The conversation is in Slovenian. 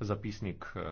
zapisnik eh,